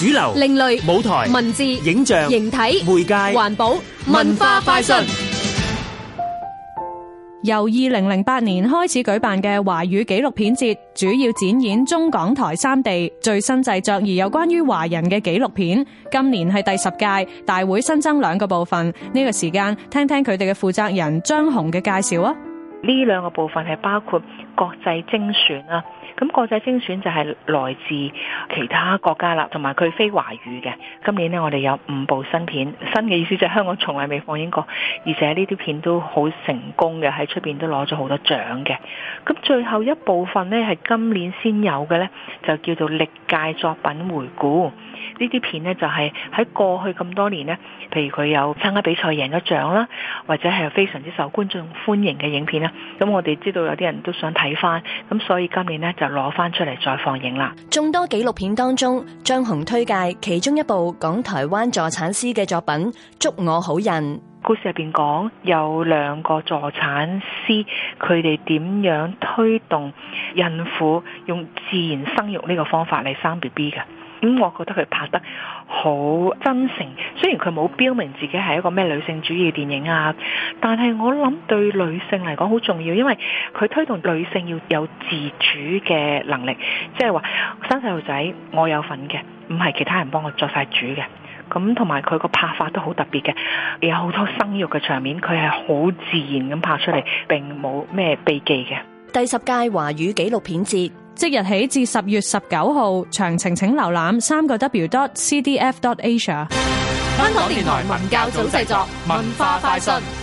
主流、另類舞台、文字、影像、形體、媒介、環保、文化、快訊。由二零零八年開始舉辦嘅華語紀錄片節，主要展演中港台三地最新製作而有關於華人嘅紀錄片。今年係第十屆，大會新增兩個部分。呢個時間聽聽佢哋嘅負責人張紅嘅介紹啊。呢兩個部分係包括。國際精選啦、啊，咁國際精選就係來自其他國家啦，同埋佢非華語嘅。今年呢，我哋有五部新片，新嘅意思就係香港從來未放映過，而且呢啲片都好成功嘅，喺出面都攞咗好多獎嘅。咁最後一部分呢，係今年先有嘅呢，就叫做歷屆作品回顧。呢啲片呢，就係、是、喺過去咁多年呢，譬如佢有參加比賽贏咗獎啦，或者係非常之受觀眾歡迎嘅影片啦。咁我哋知道有啲人都想睇。翻，咁所以今年呢，就攞翻出嚟再放映啦。眾多紀錄片當中，張紅推介其中一部講台灣助產師嘅作品《祝我好人》。故事入邊講有兩個助產師，佢哋點樣推動孕婦用自然生育呢個方法嚟生 B B 嘅。咁，我覺得佢拍得好真誠。雖然佢冇標明自己係一個咩女性主義的電影啊，但係我諗對女性嚟講好重要，因為佢推動女性要有自主嘅能力，即係話生細路仔我有份嘅，唔係其他人幫我作曬主嘅。咁同埋佢個拍法都好特別嘅，有好多生育嘅場面，佢係好自然咁拍出嚟，並冇咩避忌嘅。第十屆華語紀錄片節。即日起至十月十九號，詳情請瀏覽三個 w dot cdf dot asia。香港電台文教組製作，文化快訊。